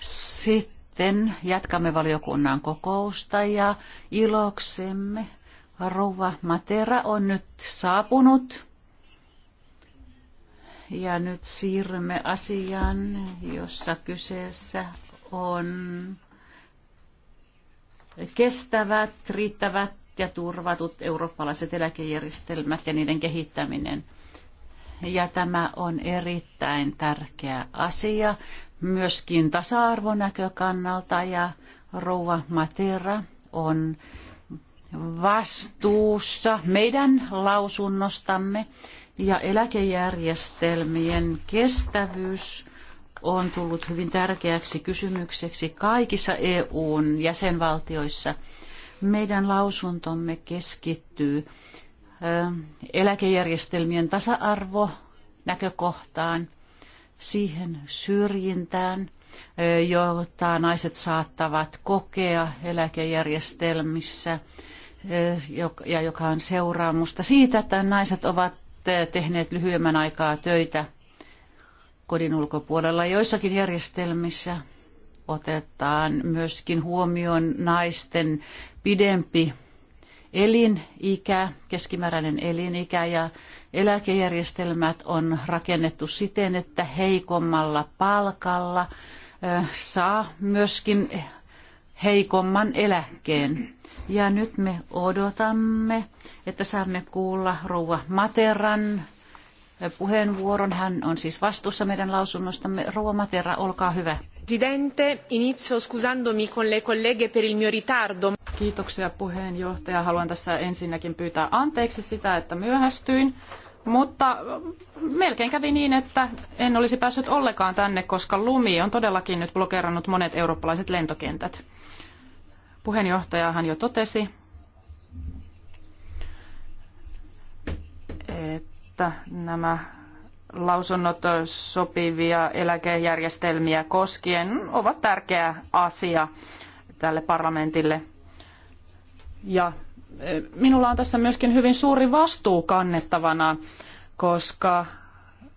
Sitten jatkamme valiokunnan kokousta ja iloksemme Rouva Matera on nyt saapunut. Ja nyt siirrymme asiaan, jossa kyseessä on kestävät, riittävät ja turvatut eurooppalaiset eläkejärjestelmät ja niiden kehittäminen – ja tämä on erittäin tärkeä asia myöskin tasa-arvonäkökannalta ja Rouva Matera on vastuussa meidän lausunnostamme ja eläkejärjestelmien kestävyys on tullut hyvin tärkeäksi kysymykseksi kaikissa EUn jäsenvaltioissa. Meidän lausuntomme keskittyy eläkejärjestelmien tasa-arvo näkökohtaan, siihen syrjintään, jota naiset saattavat kokea eläkejärjestelmissä ja joka on seuraamusta siitä, että naiset ovat tehneet lyhyemmän aikaa töitä kodin ulkopuolella. Joissakin järjestelmissä otetaan myöskin huomioon naisten pidempi elinikä, keskimääräinen elinikä ja eläkejärjestelmät on rakennettu siten, että heikommalla palkalla saa myöskin heikomman eläkkeen. Ja nyt me odotamme, että saamme kuulla rouva Materan puheenvuoron. Hän on siis vastuussa meidän lausunnostamme. Rouva Matera, olkaa hyvä. Presidente, inizio scusandomi con le colleghe per il mio ritardo. Kiitoksia puheenjohtaja. Haluan tässä ensinnäkin pyytää anteeksi sitä, että myöhästyin. Mutta melkein kävi niin, että en olisi päässyt ollenkaan tänne, koska lumi on todellakin nyt blokerannut monet eurooppalaiset lentokentät. Puheenjohtajahan jo totesi, että nämä lausunnot sopivia eläkejärjestelmiä koskien ovat tärkeä asia tälle parlamentille. Ja e, minulla on tässä myöskin hyvin suuri vastuu kannettavana, koska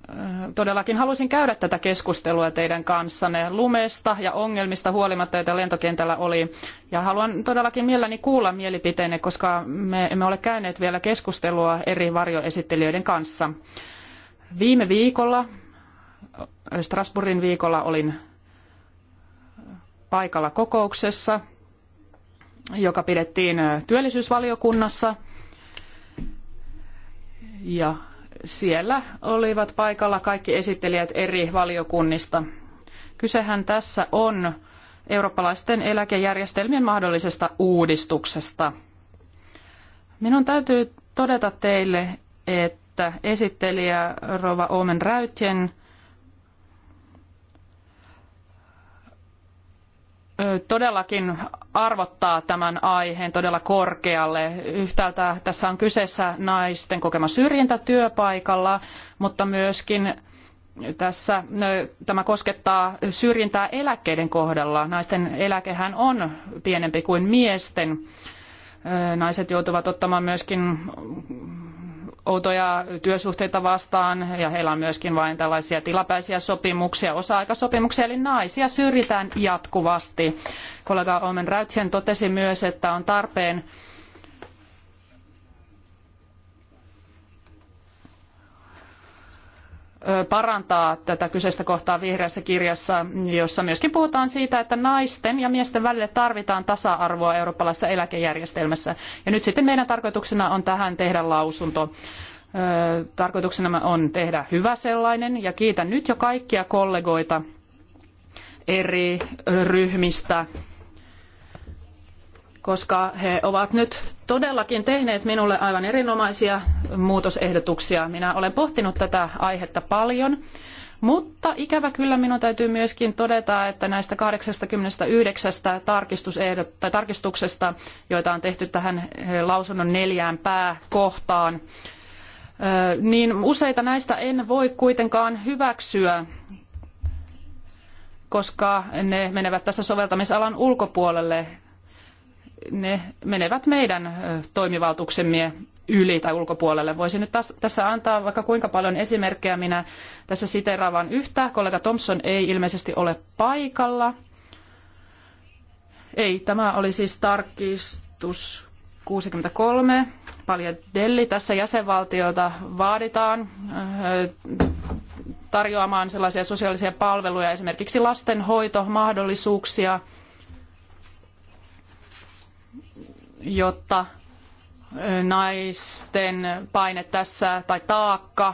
e, todellakin halusin käydä tätä keskustelua teidän kanssanne lumesta ja ongelmista huolimatta, joita lentokentällä oli. Ja haluan todellakin mielelläni kuulla mielipiteenne, koska me emme ole käyneet vielä keskustelua eri varjoesittelijöiden kanssa. Viime viikolla, Strasbourgin viikolla olin paikalla kokouksessa, joka pidettiin työllisyysvaliokunnassa. Ja siellä olivat paikalla kaikki esittelijät eri valiokunnista. Kysehän tässä on eurooppalaisten eläkejärjestelmien mahdollisesta uudistuksesta. Minun täytyy todeta teille, että että esittelijä Rova Omen Räytjen todellakin arvottaa tämän aiheen todella korkealle. Yhtäältä tässä on kyseessä naisten kokema syrjintä työpaikalla, mutta myöskin tässä tämä koskettaa syrjintää eläkkeiden kohdalla. Naisten eläkehän on pienempi kuin miesten. Naiset joutuvat ottamaan myöskin outoja työsuhteita vastaan ja heillä on myöskin vain tällaisia tilapäisiä sopimuksia, osa-aikasopimuksia, eli naisia syrjitään jatkuvasti. Kollega Omen Räytsen totesi myös, että on tarpeen parantaa tätä kyseistä kohtaa vihreässä kirjassa, jossa myöskin puhutaan siitä, että naisten ja miesten välille tarvitaan tasa-arvoa eurooppalaisessa eläkejärjestelmässä. Ja nyt sitten meidän tarkoituksena on tähän tehdä lausunto. Tarkoituksena on tehdä hyvä sellainen ja kiitän nyt jo kaikkia kollegoita eri ryhmistä koska he ovat nyt todellakin tehneet minulle aivan erinomaisia muutosehdotuksia. Minä olen pohtinut tätä aihetta paljon, mutta ikävä kyllä minun täytyy myöskin todeta, että näistä 89 tai tarkistuksesta, joita on tehty tähän eh, lausunnon neljään pääkohtaan, eh, niin useita näistä en voi kuitenkaan hyväksyä koska ne menevät tässä soveltamisalan ulkopuolelle ne menevät meidän toimivaltuuksemme yli tai ulkopuolelle. Voisin nyt taas, tässä antaa vaikka kuinka paljon esimerkkejä. Minä tässä siteraan vain yhtä. Kollega Thompson ei ilmeisesti ole paikalla. Ei, tämä oli siis tarkistus 63. Paljadelli. Tässä jäsenvaltiota vaaditaan tarjoamaan sellaisia sosiaalisia palveluja, esimerkiksi lastenhoitomahdollisuuksia mahdollisuuksia jotta naisten paine tässä tai taakka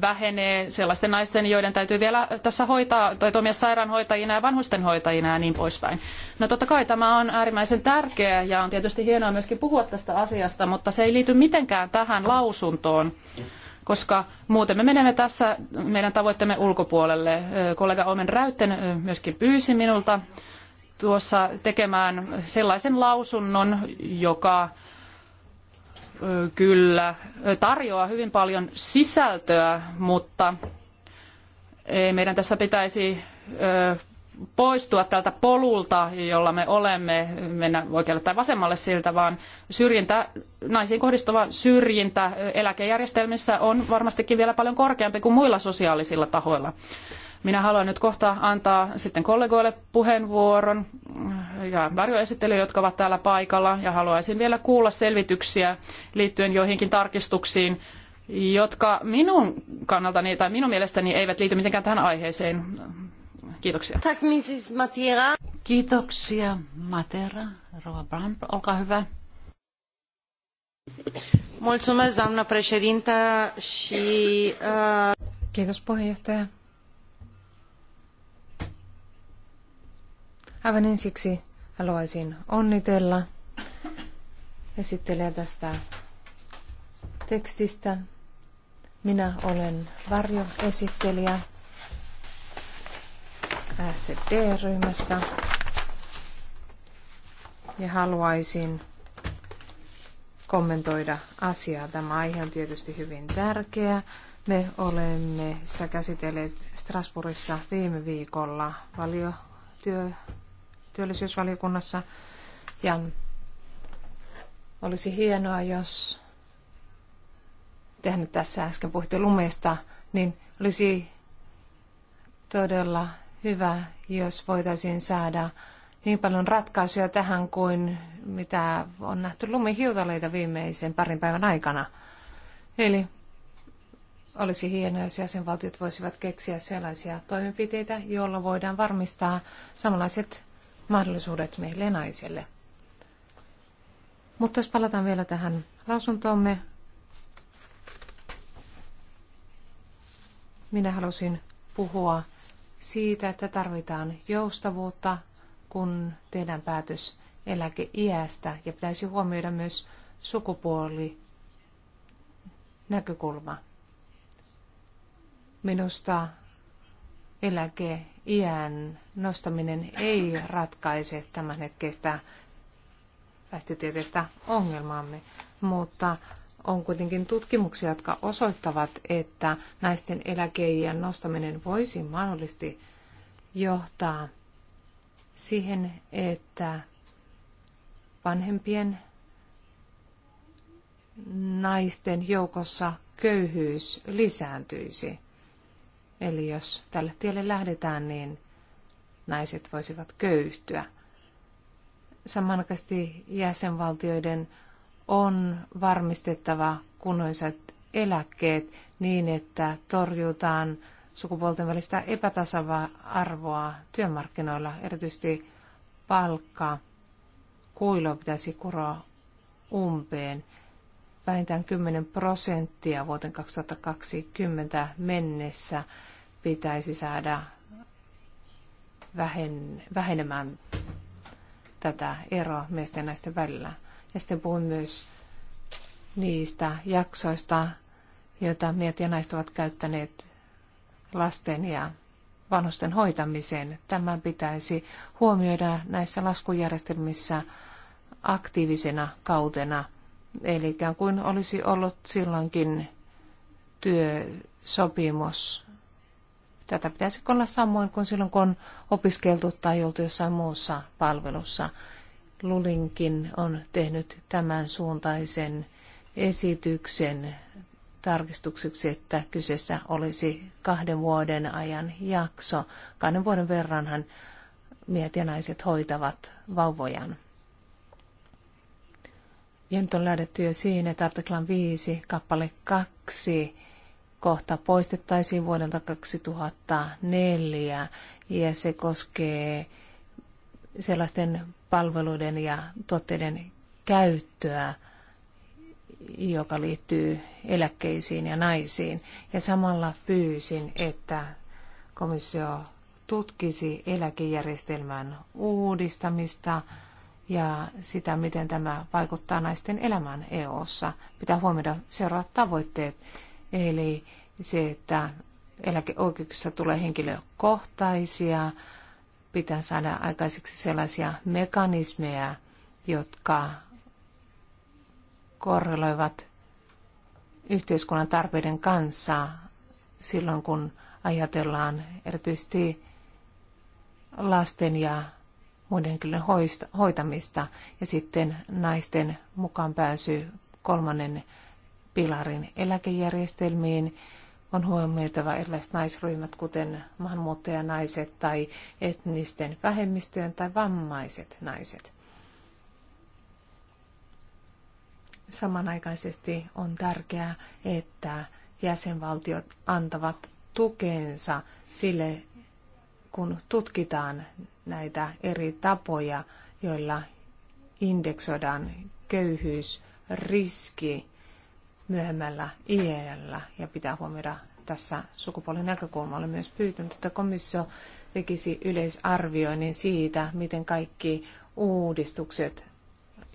vähenee sellaisten naisten, joiden täytyy vielä tässä hoitaa tai toimia sairaanhoitajina ja vanhustenhoitajina ja niin poispäin. No totta kai tämä on äärimmäisen tärkeä ja on tietysti hienoa myöskin puhua tästä asiasta, mutta se ei liity mitenkään tähän lausuntoon koska muuten me menemme tässä meidän tavoitteemme ulkopuolelle. Kollega Omen Räytten myöskin pyysi minulta tuossa tekemään sellaisen lausunnon, joka kyllä tarjoaa hyvin paljon sisältöä, mutta ei meidän tässä pitäisi poistua tältä polulta, jolla me olemme, mennä oikealle tai vasemmalle siltä, vaan syrjintä, naisiin kohdistuva syrjintä eläkejärjestelmissä on varmastikin vielä paljon korkeampi kuin muilla sosiaalisilla tahoilla. Minä haluan nyt kohta antaa sitten kollegoille puheenvuoron ja varjoesittelijöille, jotka ovat täällä paikalla, ja haluaisin vielä kuulla selvityksiä liittyen joihinkin tarkistuksiin, jotka minun kannaltani tai minun mielestäni eivät liity mitenkään tähän aiheeseen. Kiitoksia. Tack, Mrs. Matera. Kiitoksia, Matera. Rova Brand, olkaa hyvä. Mulțumesc, doamnă președintă, și... Uh... Kiitos, puheenjohtaja. Aivan ensiksi haluaisin onnitella esittelijä tästä tekstistä. Minä olen varjoesittelijä SD-ryhmästä ja haluaisin kommentoida asiaa. Tämä aihe on tietysti hyvin tärkeä. Me olemme sitä käsitelleet Strasbourgissa viime viikolla valiotyö työllisyysvaliokunnassa. Ja olisi hienoa, jos tehnyt tässä äsken puhuttiin lumesta, niin olisi todella hyvä, jos voitaisiin saada niin paljon ratkaisuja tähän kuin mitä on nähty lumihiutaleita viimeisen parin päivän aikana. Eli olisi hienoa, jos jäsenvaltiot voisivat keksiä sellaisia toimenpiteitä, joilla voidaan varmistaa samanlaiset mahdollisuudet meille naisille. Mutta jos palataan vielä tähän lausuntoomme, minä halusin puhua siitä, että tarvitaan joustavuutta, kun tehdään päätös eläkeiästä ja pitäisi huomioida myös sukupuoli näkökulma. Minusta eläkeiän nostaminen ei ratkaise tämän hetkestä väestötieteestä ongelmaamme, mutta on kuitenkin tutkimuksia, jotka osoittavat, että naisten eläkeiän nostaminen voisi mahdollisesti johtaa siihen, että vanhempien naisten joukossa köyhyys lisääntyisi. Eli jos tälle tielle lähdetään, niin naiset voisivat köyhtyä. Samanaikaisesti jäsenvaltioiden on varmistettava kunnoiset eläkkeet niin, että torjutaan sukupuolten välistä epätasava-arvoa työmarkkinoilla, erityisesti palkka kuilo pitäisi kuroa umpeen vähintään 10 prosenttia vuoteen 2020 mennessä pitäisi saada vähen, vähenemään tätä eroa miesten ja naisten välillä. Ja sitten puhun myös niistä jaksoista, joita miehet ja naiset ovat käyttäneet lasten ja vanhusten hoitamiseen. Tämä pitäisi huomioida näissä laskujärjestelmissä aktiivisena kautena – Eli ikään kuin olisi ollut silloinkin työsopimus. Tätä pitäisi olla samoin kuin silloin, kun on opiskeltu tai oltu jossain muussa palvelussa. Lulinkin on tehnyt tämän suuntaisen esityksen tarkistukseksi, että kyseessä olisi kahden vuoden ajan jakso. Kahden vuoden verranhan miehet ja naiset hoitavat vauvojaan. Ja nyt on löydetty jo siinä, että artiklan 5, kappale 2, kohta poistettaisiin vuodelta 2004 ja se koskee sellaisten palveluiden ja tuotteiden käyttöä, joka liittyy eläkkeisiin ja naisiin. Ja samalla pyysin, että komissio tutkisi eläkejärjestelmän uudistamista ja sitä, miten tämä vaikuttaa naisten elämään EU-ssa. Pitää huomioida seuraavat tavoitteet, eli se, että eläkeoikeuksissa tulee henkilökohtaisia, pitää saada aikaiseksi sellaisia mekanismeja, jotka korreloivat yhteiskunnan tarpeiden kanssa silloin, kun ajatellaan erityisesti lasten ja muiden henkilön hoitamista ja sitten naisten mukaan pääsy kolmannen pilarin eläkejärjestelmiin. On huomioitava erilaiset naisryhmät, kuten maahanmuuttajanaiset tai etnisten vähemmistöjen tai vammaiset naiset. Samanaikaisesti on tärkeää, että jäsenvaltiot antavat tukensa sille kun tutkitaan näitä eri tapoja, joilla indeksoidaan köyhyysriski myöhemmällä iällä ja pitää huomioida tässä sukupuolen näkökulma. oli myös pyytänyt, että komissio tekisi yleisarvioinnin siitä, miten kaikki uudistukset,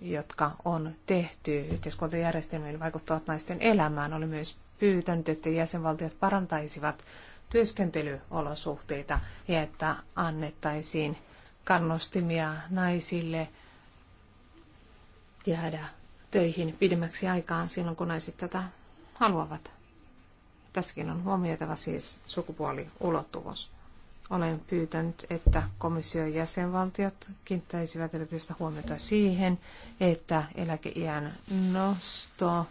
jotka on tehty yhteiskuntajärjestelmiin, vaikuttavat naisten elämään. oli myös pyytänyt, että jäsenvaltiot parantaisivat työskentelyolosuhteita ja että annettaisiin kannustimia naisille jäädä töihin pidemmäksi aikaan silloin, kun naiset tätä haluavat. Tässäkin on huomioitava siis sukupuoliulottuvuus. Olen pyytänyt, että komission jäsenvaltiot kiinnittäisivät erityistä huomiota siihen, että eläkeiän nosto,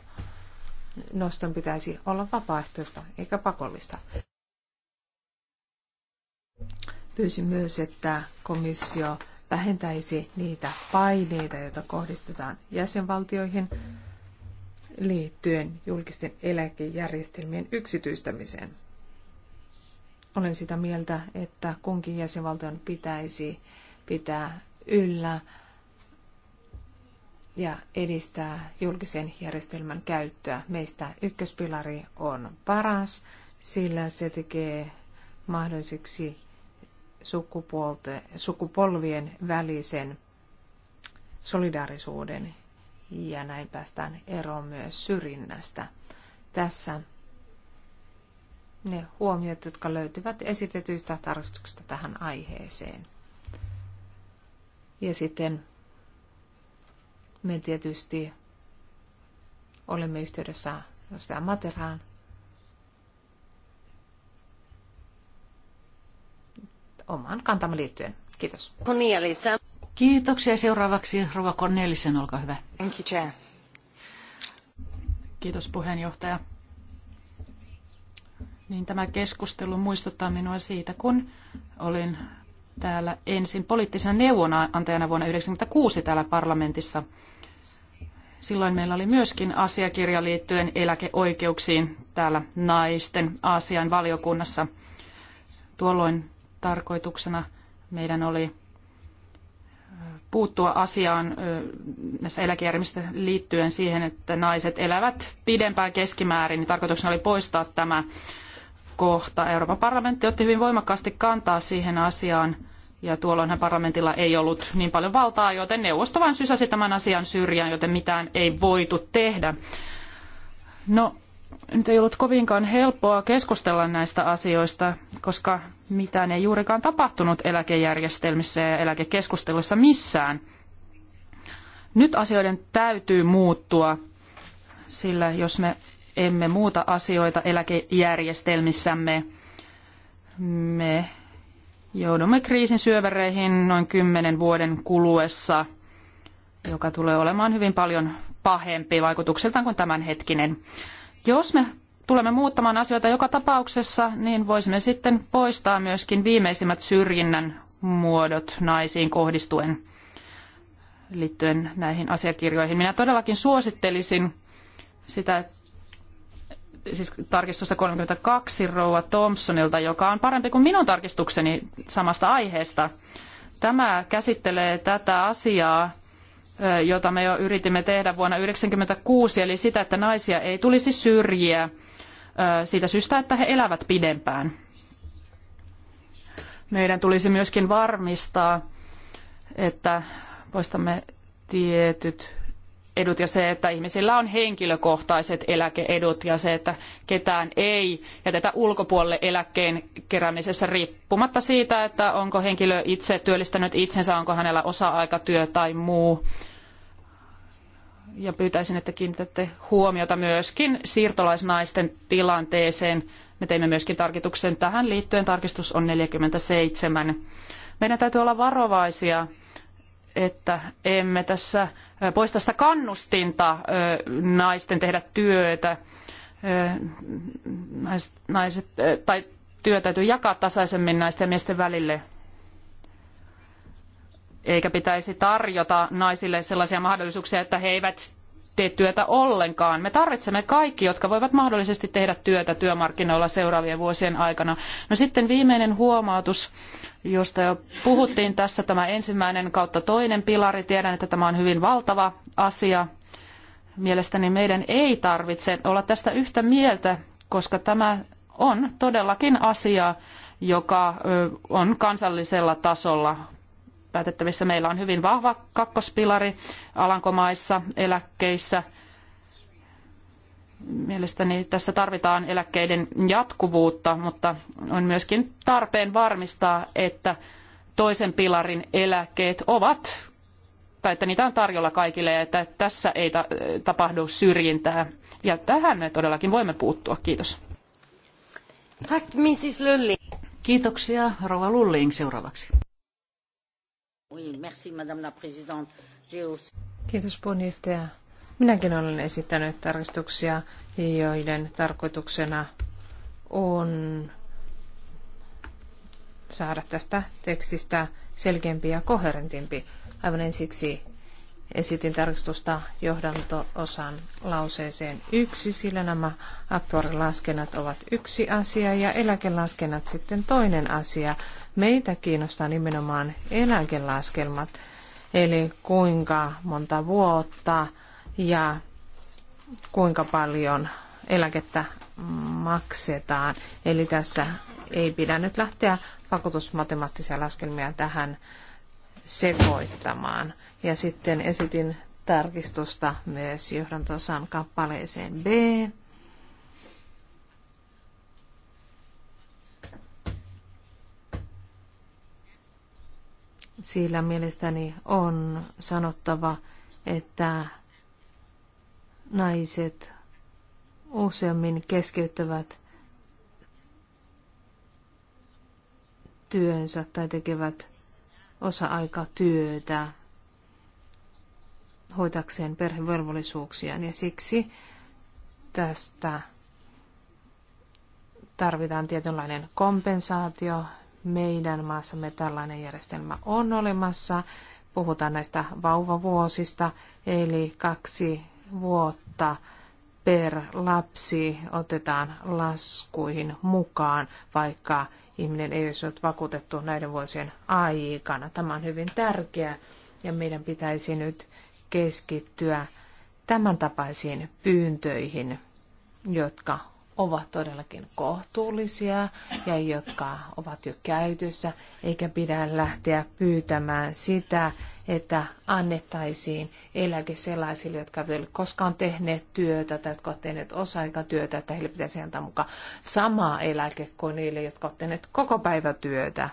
noston pitäisi olla vapaaehtoista eikä pakollista pyysi myös, että komissio vähentäisi niitä paineita, joita kohdistetaan jäsenvaltioihin liittyen julkisten eläkejärjestelmien yksityistämiseen. Olen sitä mieltä, että kunkin jäsenvaltion pitäisi pitää yllä ja edistää julkisen järjestelmän käyttöä. Meistä ykköspilari on paras, sillä se tekee mahdolliseksi sukupolvien välisen solidaarisuuden ja näin päästään eroon myös syrjinnästä. Tässä ne huomiot, jotka löytyvät esitetyistä tarkastuksista tähän aiheeseen. Ja sitten me tietysti olemme yhteydessä jostain Materaan omaan kantamme liittyen. Kiitos. Cornelisen. Kiitoksia. Seuraavaksi Rova Cornelisen, olkaa hyvä. Thank you, Chair. Kiitos puheenjohtaja. Niin tämä keskustelu muistuttaa minua siitä, kun olin täällä ensin poliittisena neuvonantajana vuonna 1996 täällä parlamentissa. Silloin meillä oli myöskin asiakirja liittyen eläkeoikeuksiin täällä naisten asian valiokunnassa. Tuolloin tarkoituksena meidän oli puuttua asiaan näissä eläkejärjestelmissä liittyen siihen, että naiset elävät pidempään keskimäärin, niin tarkoituksena oli poistaa tämä kohta. Euroopan parlamentti otti hyvin voimakkaasti kantaa siihen asiaan, ja tuolloinhan parlamentilla ei ollut niin paljon valtaa, joten neuvosto vain sysäsi tämän asian syrjään, joten mitään ei voitu tehdä. No, nyt ei ollut kovinkaan helppoa keskustella näistä asioista, koska mitään ei juurikaan tapahtunut eläkejärjestelmissä ja eläkekeskustelussa missään. Nyt asioiden täytyy muuttua, sillä jos me emme muuta asioita eläkejärjestelmissämme, me joudumme kriisin syövereihin noin kymmenen vuoden kuluessa, joka tulee olemaan hyvin paljon pahempi vaikutuksiltaan kuin tämänhetkinen. Jos me tulemme muuttamaan asioita joka tapauksessa, niin voisimme sitten poistaa myöskin viimeisimmät syrjinnän muodot naisiin kohdistuen liittyen näihin asiakirjoihin. Minä todellakin suosittelisin sitä, siis tarkistusta 32 Rouva Thompsonilta, joka on parempi kuin minun tarkistukseni samasta aiheesta. Tämä käsittelee tätä asiaa jota me jo yritimme tehdä vuonna 1996, eli sitä, että naisia ei tulisi syrjiä siitä syystä, että he elävät pidempään. Meidän tulisi myöskin varmistaa, että poistamme tietyt edut ja se, että ihmisillä on henkilökohtaiset eläkeedut ja se, että ketään ei jätetä ulkopuolelle eläkkeen keräämisessä riippumatta siitä, että onko henkilö itse työllistänyt itsensä, onko hänellä osa-aikatyö tai muu ja pyytäisin, että kiinnitätte huomiota myöskin siirtolaisnaisten tilanteeseen. Me teimme myöskin tarkistuksen tähän liittyen. Tarkistus on 47. Meidän täytyy olla varovaisia, että emme tässä poista sitä kannustinta naisten tehdä työtä. Naiset, tai työ täytyy jakaa tasaisemmin naisten ja miesten välille eikä pitäisi tarjota naisille sellaisia mahdollisuuksia, että he eivät tee työtä ollenkaan. Me tarvitsemme kaikki, jotka voivat mahdollisesti tehdä työtä työmarkkinoilla seuraavien vuosien aikana. No sitten viimeinen huomautus, josta jo puhuttiin tässä, tämä ensimmäinen kautta toinen pilari. Tiedän, että tämä on hyvin valtava asia. Mielestäni meidän ei tarvitse olla tästä yhtä mieltä, koska tämä on todellakin asia, joka on kansallisella tasolla päätettävissä. Meillä on hyvin vahva kakkospilari Alankomaissa, eläkkeissä. Mielestäni tässä tarvitaan eläkkeiden jatkuvuutta, mutta on myöskin tarpeen varmistaa, että toisen pilarin eläkkeet ovat tai että niitä on tarjolla kaikille ja että tässä ei tapahdu syrjintää. Ja tähän me todellakin voimme puuttua. Kiitos. Tack, Mrs. Lulling. Kiitoksia. Rova Lulling seuraavaksi. Kiitos puheenjohtaja. Minäkin olen esittänyt tarkistuksia, joiden tarkoituksena on saada tästä tekstistä selkeämpi ja koherentimpi. Aivan ensiksi esitin tarkistusta johdanto-osan lauseeseen yksi, sillä nämä aktuaarilaskennat ovat yksi asia ja eläkelaskennat sitten toinen asia. Meitä kiinnostaa nimenomaan eläkelaskelmat, eli kuinka monta vuotta ja kuinka paljon eläkettä maksetaan. Eli tässä ei pidä nyt lähteä vakuutusmatemaattisia laskelmia tähän sekoittamaan. Ja sitten esitin tarkistusta myös johdantosan kappaleeseen B. Sillä mielestäni on sanottava, että naiset useammin keskeyttävät työnsä tai tekevät osa työtä hoitakseen perhevelvollisuuksiaan ja siksi tästä tarvitaan tietynlainen kompensaatio. Meidän maassamme tällainen järjestelmä on olemassa. Puhutaan näistä vauvavuosista, eli kaksi vuotta per lapsi otetaan laskuihin mukaan, vaikka ihminen ei olisi ollut vakuutettu näiden vuosien aikana. Tämä on hyvin tärkeää ja meidän pitäisi nyt keskittyä tämän tapaisiin pyyntöihin, jotka ovat todellakin kohtuullisia ja jotka ovat jo käytössä, eikä pidä lähteä pyytämään sitä, että annettaisiin eläke sellaisille, jotka eivät ole koskaan tehneet työtä tai jotka ovat tehneet osa-aikatyötä, että heille pitäisi antaa mukaan sama eläke kuin niille, jotka ovat tehneet koko päivä työtä.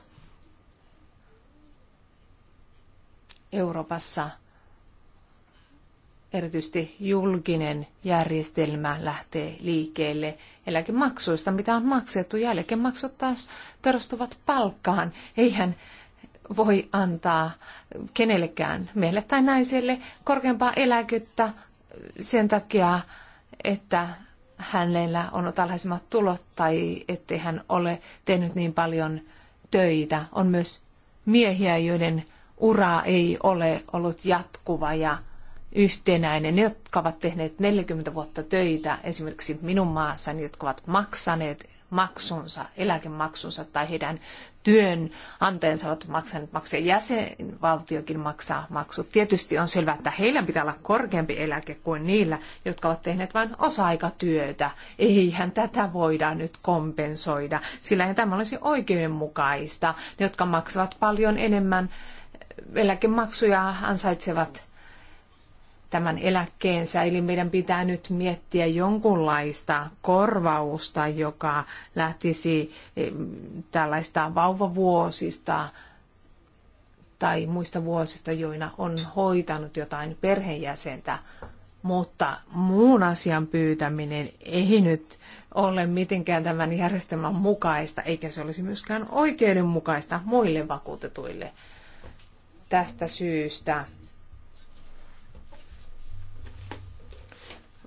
Euroopassa erityisesti julkinen järjestelmä lähtee liikkeelle eläkemaksuista, mitä on maksettu, ja eläkemaksut taas perustuvat palkkaan. Eihän voi antaa kenellekään, meille tai naiselle, korkeampaa eläkettä sen takia, että hänellä on alhaisemmat tulot tai ettei hän ole tehnyt niin paljon töitä. On myös miehiä, joiden ura ei ole ollut jatkuva ja yhtenäinen. Ne, jotka ovat tehneet 40 vuotta töitä, esimerkiksi minun maassani, jotka ovat maksaneet maksunsa, eläkemaksunsa tai heidän työnantajansa ovat maksaneet maksuja. Jäsenvaltiokin maksaa maksut. Tietysti on selvää, että heillä pitää olla korkeampi eläke kuin niillä, jotka ovat tehneet vain osa-aikatyötä. Eihän tätä voida nyt kompensoida, sillä ei tämä olisi oikeudenmukaista. Ne, jotka maksavat paljon enemmän eläkemaksuja, ansaitsevat tämän eläkkeensä. Eli meidän pitää nyt miettiä jonkunlaista korvausta, joka lähtisi eh, tällaista vauvavuosista tai muista vuosista, joina on hoitanut jotain perheenjäsentä. Mutta muun asian pyytäminen ei nyt ole mitenkään tämän järjestelmän mukaista, eikä se olisi myöskään oikeudenmukaista muille vakuutetuille. Tästä syystä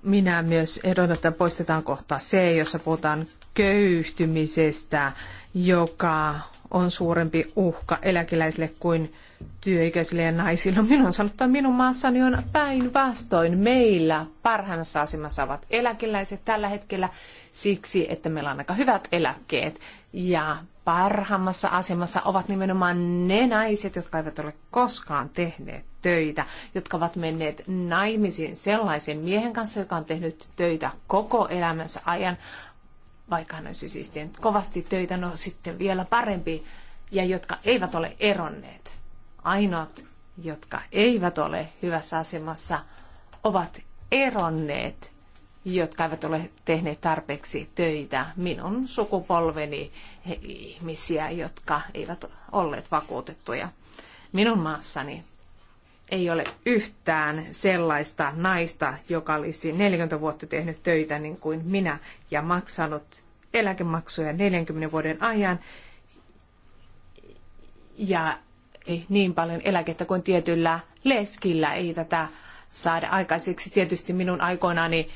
Minä myös ehdotan, että poistetaan kohta C, jossa puhutaan köyhtymisestä, joka on suurempi uhka eläkeläisille kuin työikäisille ja naisille. Minun että minun maassani on päinvastoin. Meillä parhaimmassa asemassa ovat eläkeläiset tällä hetkellä siksi, että meillä on aika hyvät eläkkeet. Ja parhaimmassa asemassa ovat nimenomaan ne naiset, jotka eivät ole koskaan tehneet töitä, jotka ovat menneet naimisiin sellaisen miehen kanssa, joka on tehnyt töitä koko elämänsä ajan, vaikka hän olisi siis tehnyt kovasti töitä, no sitten vielä parempi, ja jotka eivät ole eronneet. Ainoat, jotka eivät ole hyvässä asemassa, ovat eronneet jotka eivät ole tehneet tarpeeksi töitä. Minun sukupolveni ihmisiä, jotka eivät olleet vakuutettuja. Minun maassani ei ole yhtään sellaista naista, joka olisi 40 vuotta tehnyt töitä niin kuin minä ja maksanut eläkemaksuja 40 vuoden ajan ja ei niin paljon eläkettä kuin tietyllä leskillä ei tätä saada aikaiseksi. Tietysti minun aikoinani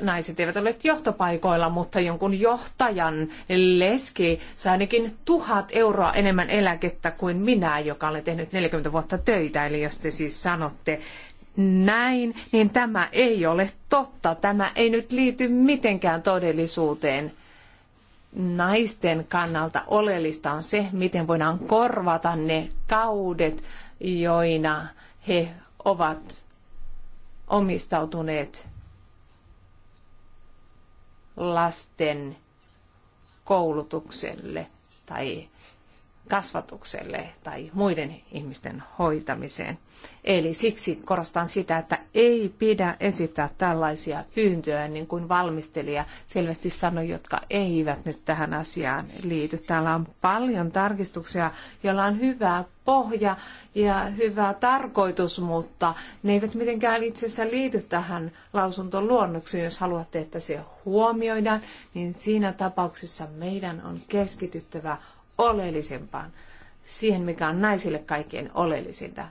naiset eivät olleet johtopaikoilla, mutta jonkun johtajan leski sai ainakin tuhat euroa enemmän eläkettä kuin minä, joka olen tehnyt 40 vuotta töitä. Eli jos te siis sanotte näin, niin tämä ei ole totta. Tämä ei nyt liity mitenkään todellisuuteen. Naisten kannalta oleellista on se, miten voidaan korvata ne kaudet, joina he ovat omistautuneet lasten koulutukselle tai kasvatukselle tai muiden ihmisten hoitamiseen. Eli siksi korostan sitä, että ei pidä esittää tällaisia pyyntöjä, niin kuin valmistelija selvästi sanoi, jotka eivät nyt tähän asiaan liity. Täällä on paljon tarkistuksia, joilla on hyvä pohja ja hyvä tarkoitus, mutta ne eivät mitenkään itse asiassa liity tähän lausuntoluonnokseen. Jos haluatte, että se huomioidaan, niin siinä tapauksessa meidän on keskityttävä oleellisempaan, siihen mikä on naisille kaikkein oleellisinta.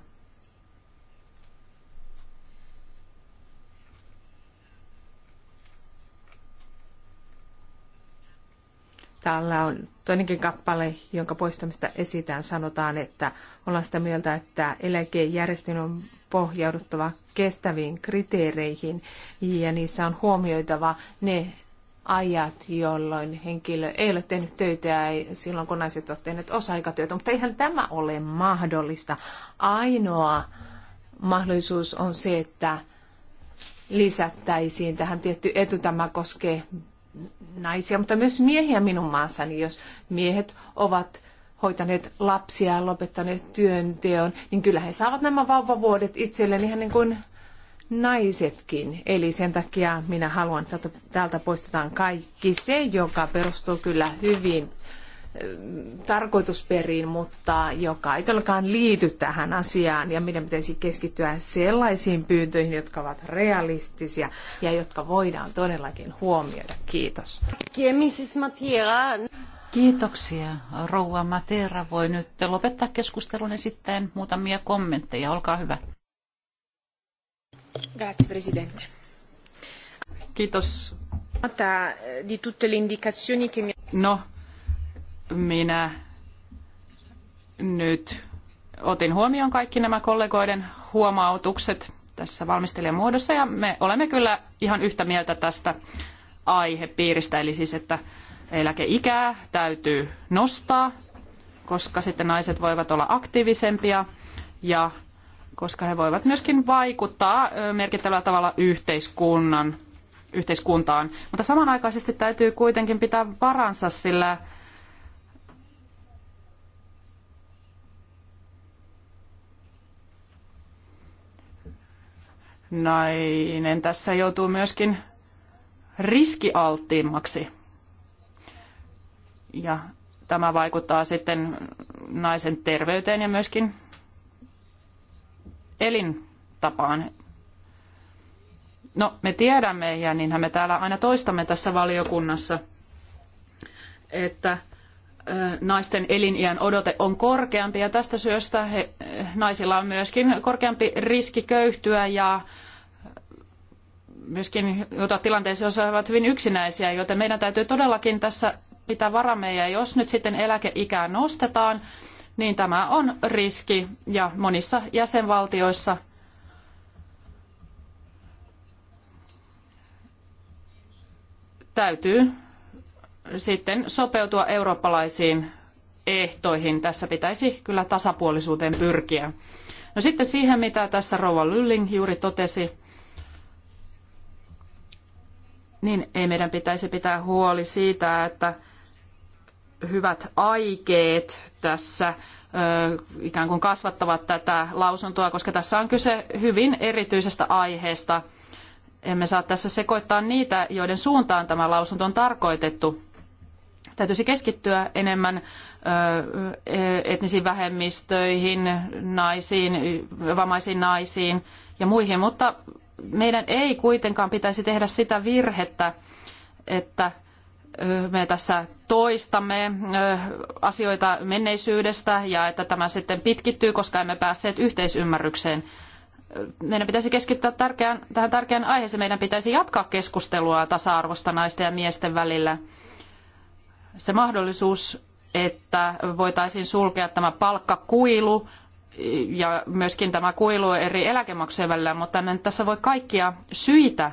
Täällä on toinenkin kappale, jonka poistamista esitään. Sanotaan, että ollaan sitä mieltä, että eläkejärjestelmä on pohjauduttava kestäviin kriteereihin ja niissä on huomioitava ne ajat, jolloin henkilö ei ole tehnyt töitä silloin, kun naiset ovat tehneet osa-aikatyötä, mutta eihän tämä ole mahdollista. Ainoa mahdollisuus on se, että lisättäisiin tähän tietty etu. Tämä koskee naisia, mutta myös miehiä minun maassani, jos miehet ovat hoitaneet lapsia ja lopettaneet työnteon, niin kyllä he saavat nämä vauvavuodet itselleen ihan niin kuin naisetkin. Eli sen takia minä haluan, että täältä poistetaan kaikki se, joka perustuu kyllä hyvin tarkoitusperiin, mutta joka ei todellakaan liity tähän asiaan ja meidän pitäisi keskittyä sellaisiin pyyntöihin, jotka ovat realistisia ja jotka voidaan todellakin huomioida. Kiitos. Kiitoksia. Rouva Matera voi nyt lopettaa keskustelun esittäen muutamia kommentteja. Olkaa hyvä. Eh, di No, minä nyt otin huomioon kaikki nämä kollegoiden huomautukset tässä valmistelijan muodossa ja me olemme kyllä ihan yhtä mieltä tästä aihepiiristä, eli siis että eläkeikää täytyy nostaa, koska sitten naiset voivat olla aktiivisempia ja koska he voivat myöskin vaikuttaa merkittävällä tavalla yhteiskunnan, yhteiskuntaan. Mutta samanaikaisesti täytyy kuitenkin pitää varansa, sillä nainen tässä joutuu myöskin riskialttiimmaksi. Ja tämä vaikuttaa sitten naisen terveyteen ja myöskin elintapaan. No, me tiedämme, ja niinhän me täällä aina toistamme tässä valiokunnassa, että naisten eliniän odote on korkeampi ja tästä syystä he, naisilla on myöskin korkeampi riski köyhtyä ja myöskin jota tilanteessa, jossa he ovat hyvin yksinäisiä, joten meidän täytyy todellakin tässä pitää varamme ja jos nyt sitten eläkeikää nostetaan, niin tämä on riski ja monissa jäsenvaltioissa täytyy sitten sopeutua eurooppalaisiin ehtoihin. Tässä pitäisi kyllä tasapuolisuuteen pyrkiä. No sitten siihen, mitä tässä Rova Lylling juuri totesi, niin ei meidän pitäisi pitää huoli siitä, että hyvät aikeet tässä ikään kuin kasvattavat tätä lausuntoa, koska tässä on kyse hyvin erityisestä aiheesta. Emme saa tässä sekoittaa niitä, joiden suuntaan tämä lausunto on tarkoitettu. Täytyisi keskittyä enemmän e- etnisiin vähemmistöihin, naisiin, vammaisiin naisiin ja muihin, mutta meidän ei kuitenkaan pitäisi tehdä sitä virhettä, että me tässä toistamme asioita menneisyydestä ja että tämä sitten pitkittyy, koska emme päässeet yhteisymmärrykseen. Meidän pitäisi keskittyä tähän tärkeään aiheeseen. Meidän pitäisi jatkaa keskustelua tasa-arvosta naisten ja miesten välillä. Se mahdollisuus, että voitaisiin sulkea tämä palkkakuilu ja myöskin tämä kuilu eri eläkemaksujen välillä, mutta en tässä voi kaikkia syitä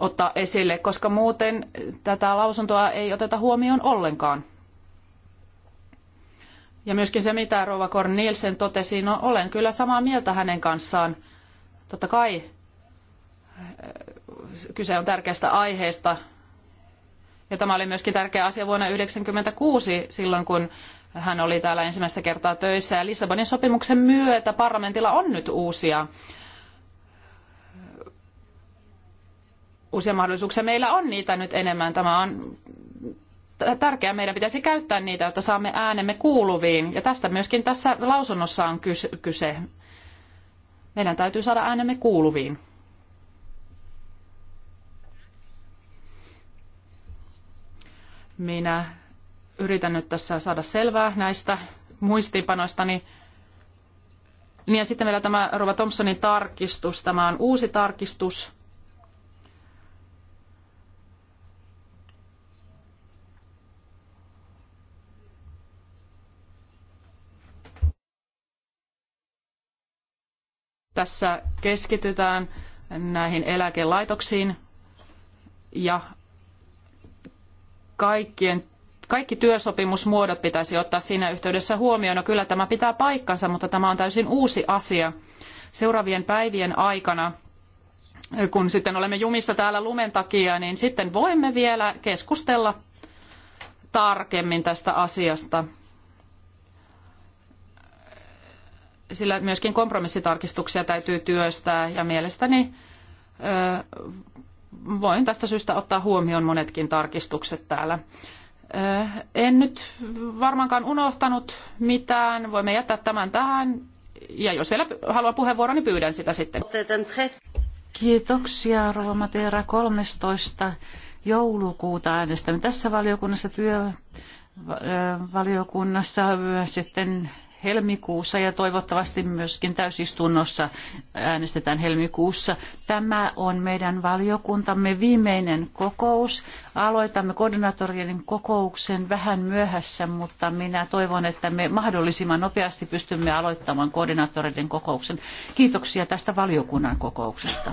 ottaa esille, koska muuten tätä lausuntoa ei oteta huomioon ollenkaan. Ja myöskin se, mitä Rova Kornilsen totesi, no olen kyllä samaa mieltä hänen kanssaan. Totta kai eh, kyse on tärkeästä aiheesta. Ja tämä oli myöskin tärkeä asia vuonna 1996, silloin kun hän oli täällä ensimmäistä kertaa töissä. Ja Lissabonin sopimuksen myötä parlamentilla on nyt uusia uusia mahdollisuuksia. Meillä on niitä nyt enemmän. Tämä on tärkeää. Meidän pitäisi käyttää niitä, jotta saamme äänemme kuuluviin. Ja tästä myöskin tässä lausunnossa on kyse. Meidän täytyy saada äänemme kuuluviin. Minä yritän nyt tässä saada selvää näistä muistiinpanoistani. Niin ja sitten meillä tämä Rova Thompsonin tarkistus. Tämä on uusi tarkistus. Tässä keskitytään näihin eläkelaitoksiin ja kaikkien, kaikki työsopimusmuodot pitäisi ottaa siinä yhteydessä huomioon. No kyllä tämä pitää paikkansa, mutta tämä on täysin uusi asia. Seuraavien päivien aikana kun sitten olemme jumissa täällä lumen takia, niin sitten voimme vielä keskustella tarkemmin tästä asiasta. sillä myöskin kompromissitarkistuksia täytyy työstää ja mielestäni voin tästä syystä ottaa huomioon monetkin tarkistukset täällä. En nyt varmaankaan unohtanut mitään. Voimme jättää tämän tähän. Ja jos vielä haluaa puheenvuoron, niin pyydän sitä sitten. Kiitoksia, Rova Matera. 13. joulukuuta äänestämme tässä valiokunnassa työ valiokunnassa sitten helmikuussa ja toivottavasti myöskin täysistunnossa äänestetään helmikuussa. Tämä on meidän valiokuntamme viimeinen kokous. Aloitamme koordinaattorien kokouksen vähän myöhässä, mutta minä toivon, että me mahdollisimman nopeasti pystymme aloittamaan koordinaattoreiden kokouksen. Kiitoksia tästä valiokunnan kokouksesta.